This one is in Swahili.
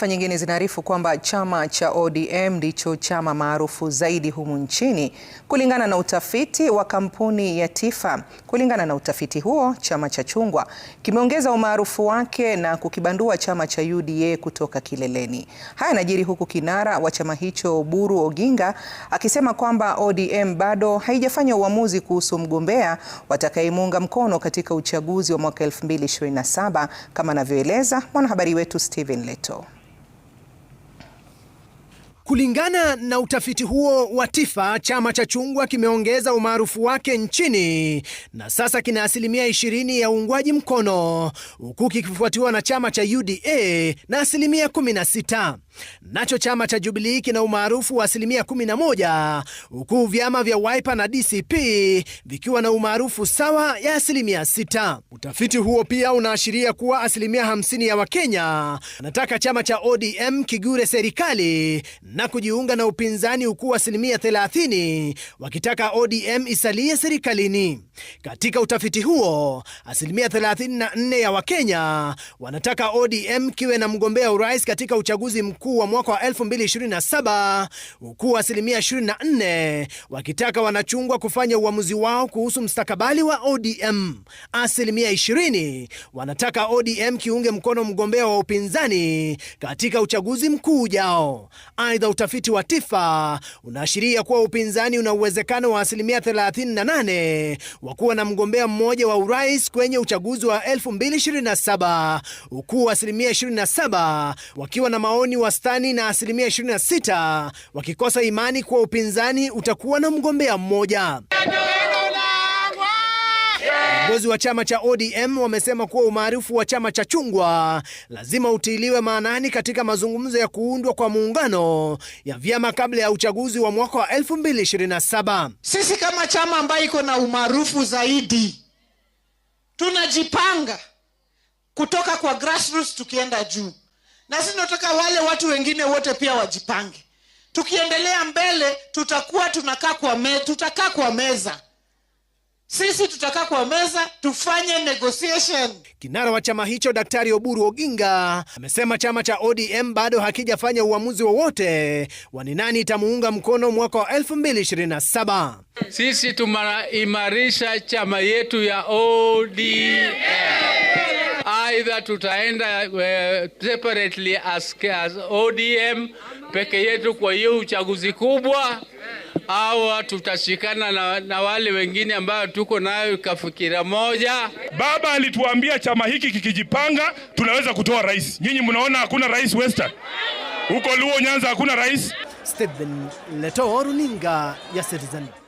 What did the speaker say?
Taarifa nyingine zinaarifu kwamba chama cha ODM ndicho chama maarufu zaidi humu nchini kulingana na utafiti wa kampuni ya Tifa. Kulingana na utafiti huo, chama cha chungwa kimeongeza umaarufu wake na kukibandua chama cha UDA kutoka kileleni. Haya najiri huku kinara wa chama hicho Oburu Oginga akisema kwamba ODM bado haijafanya uamuzi kuhusu mgombea watakayemuunga mkono katika uchaguzi wa mwaka 2027 kama anavyoeleza mwanahabari wetu Steven Leto. Kulingana na utafiti huo wa TIFA, chama cha chungwa kimeongeza umaarufu wake nchini na sasa kina asilimia 20 ya uungwaji mkono, huku kikifuatiwa na chama cha UDA na asilimia 16. Nacho chama cha Jubilii kina umaarufu wa asilimia 11, huku vyama vya Wiper na DCP vikiwa na umaarufu sawa ya asilimia 6. Utafiti huo pia unaashiria kuwa asilimia 50 ya Wakenya anataka chama cha ODM kigure serikali na kujiunga na upinzani huku asilimia 30 wakitaka ODM isalie serikalini. Katika utafiti huo, asilimia 34 ya Wakenya wanataka ODM kiwe na mgombea urais katika uchaguzi mkuu wa mwaka wa 2027 huku asilimia 24 wakitaka wanachungwa kufanya uamuzi wao kuhusu mstakabali wa ODM. Asilimia 20 wanataka ODM kiunge mkono mgombea wa upinzani katika uchaguzi mkuu ujao. Aidha, utafiti wa TIFA unaashiria kuwa upinzani una uwezekano wa asilimia 38 wa kuwa na mgombea mmoja wa urais kwenye uchaguzi wa 2027 huku asilimia 27 wakiwa na maoni wastani na asilimia 26 wakikosa imani kuwa upinzani utakuwa na mgombea mmoja. Viongozi wa chama cha ODM wamesema kuwa umaarufu wa chama cha chungwa lazima utiliwe maanani katika mazungumzo ya kuundwa kwa muungano ya vyama kabla ya uchaguzi wa mwaka wa 2027. Sisi kama chama ambayo iko na umaarufu zaidi tunajipanga kutoka kwa grassroots tukienda juu, na sisi tunataka wale watu wengine wote pia wajipange. Tukiendelea mbele, tutakuwa tunakaa kwa me, tutakaa kwa meza sisi tutakaa kwa meza tufanye negotiation. Kinara wa chama hicho Daktari Oburu Oginga amesema chama cha ODM bado hakijafanya uamuzi wowote wa ni nani itamuunga mkono mwaka wa 2027. Sisi tumaimarisha chama yetu ya ODM, aidha tutaenda uh, separately as, as ODM peke yetu kwa hiyo uchaguzi kubwa au tutashikana na, na wale wengine ambao tuko nayo kafikira moja. Baba alituambia chama hiki kikijipanga tunaweza kutoa rais. Nyinyi mnaona hakuna rais Western huko Luo Nyanza, hakuna rais. Stephen Leto, runinga ya Citizen.